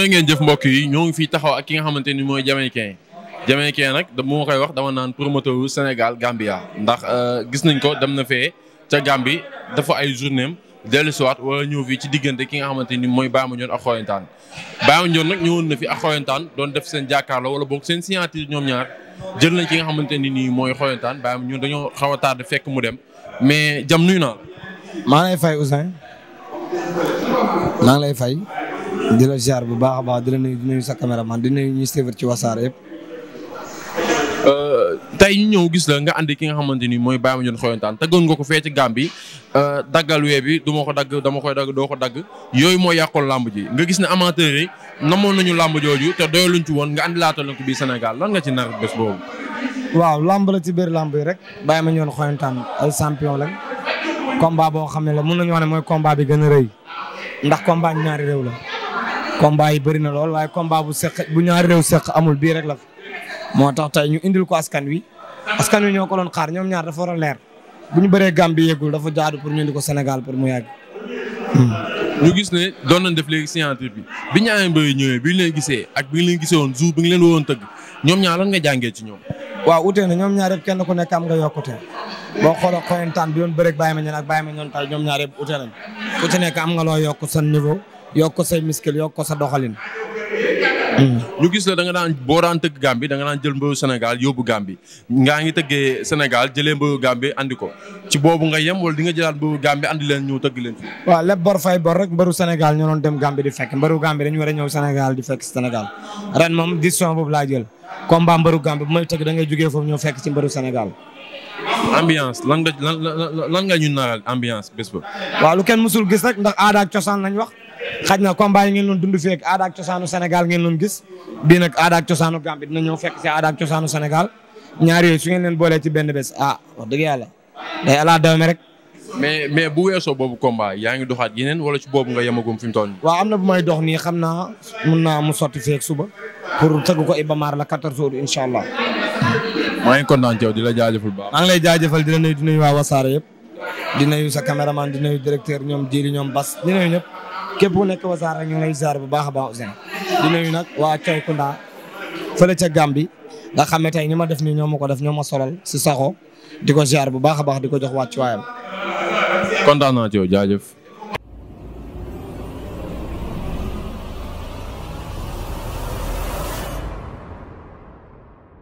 jërë ngeen jëf mbokk yi ñoo ngi fii taxaw ak ki nga xamante ni mooy Jamaïcain Jamaïcain nag moo koy wax dama naan promoteur wu Sénégal Gambia ndax euh, gis nañ ko dem na fee ca Gambie dafa ay journée am dellu wala ñëw fii ci diggante ki nga xamante ni mooy Baye Mandione ak Xoyantaan Baye Mandione nag ñëwoon na fi ak Xoyantaan doon def seen jàkkaarloo wala boog seen signature ñoom ñaar jël nañ ki nga xamante ni nii mooy Xoyantaan Baye ñu dañoo xaw a fekk mu dem mais jam nuyu naa maa lay fay Ousseyn fay. di la ziar bu baax a baax di la nuyu di nuyu sa caméraman di nuyu ñuy suivre ci wasaare yëpp. Euh, tey ñu ñëw gis la nga andi ki nga xamante ni mooy Baye Mandione Xoyantaan tëggoon nga ko fee ci gàmm bi euh, daggal bi du ma ko dagg dama koy dagg doo ko dagg yooyu moo yàqoon làmb ji nga gis ne amateur yi nañu làmb jooju te doyaluñ ci woon nga andi laatal na ko bii Sénégal lan nga ci nar bés boobu. waaw làmb la ci biir làmb yi rek Baye Mandione Xoyantaan ay champion lañ combat boo xam ne la mën nañu wax ne mooy combat bi gën a rëy ndax combat ñaari réew la. combat yi bëri na lool waaye combat bu seq bu ñaari réew seq amul bii rek la moo tax tey ñu indil ko askan wi askan wi ñoo ko loon xaar ñoom ñaar dafa a leer bu ñu bëree Gambie yeggul dafa jaadu pour ñu indi ko senegal pour mu yàgg. Hmm. ñu gis ne doon nañ def léegi signature bi bi ñaari mbër ñëwee bi ñu leen gisee ak bi ñu leen gisee woon jour bi leen woon tëgg ñoom ñaar lan nga jàngee ci ñoom. waaw ute na ñoom ñaar yëpp ku nekk am nga yokkute boo xoolee xoyantaan bi doon bëreeg bàyyi ma ñoon ak ma ñoon tay ñoom ñaar yëpp ute nekk am nga loo yokk seen niveau yokk ko say miskil yokk ko sa doxalin. Hmm. ñu gis la da nga daan boo daan tëgg Gambie da nga daan jël mbayu Sénégal yóbbu Gambie ngaa ngi tëggee Sénégal jëlee mbayu Gambie andi ko ci boobu nga yem wala di nga jëlaat mbayu Gambie andi leen ñëw tëgg leen fi. waaw lépp bor fay bor rek mbaru Sénégal ñoo doon dem Gambie di fekk mbaru Gambie dañu war a ñëw Sénégal di fekk Sénégal ren moom décision boobu laa jël combat mbaru Gambie bu may tëgg da ngay jógee foofu ñoo fekk ci mbaru Sénégal. ambiance lan nga lan lan nga ñu naral ambiance bés ba. waaw lu kenn xaj na combat yi ngeen doon dund fii ak aada ak cosaanu Sénégal ngeen doon gis bii nag aada ak cosaanu Gambie dina ñëw fekk si aada ak cosaanu Sénégal ñaar yooyu su ngeen leen boolee ci benn bés ah wax yàlla day ala dawme rek. mais mais bu weesoo boobu combat yaa ngi doxaat neen wala ci boobu nga yemagum fi mu toll nii. waaw am na bu may dox nii xam naa mun naa mu sotti feeg suba pour tëgg ko Iba Mar la 14 août incha allah. maa ngi kontaan ci yow di la jaajëfal baax. maa ngi lay jaajëfal di la nuyu di nuyu waa yëpp di nuyu sa caméraman di nuyu directeur ñoom Diéli ñoom Bas képp ku nekk wasaar rek ñu ngi lay ziar bu baax a baax Ouzin di nuyu nag waa Cawkunda fële ca Gàmbi nga xam ne tey ni ma def nii ñoo ma ko def ñoo ma solal si saxo di ko ziar bu baax a baax di ko jox wàccuwaayam. kontaan naa ci yow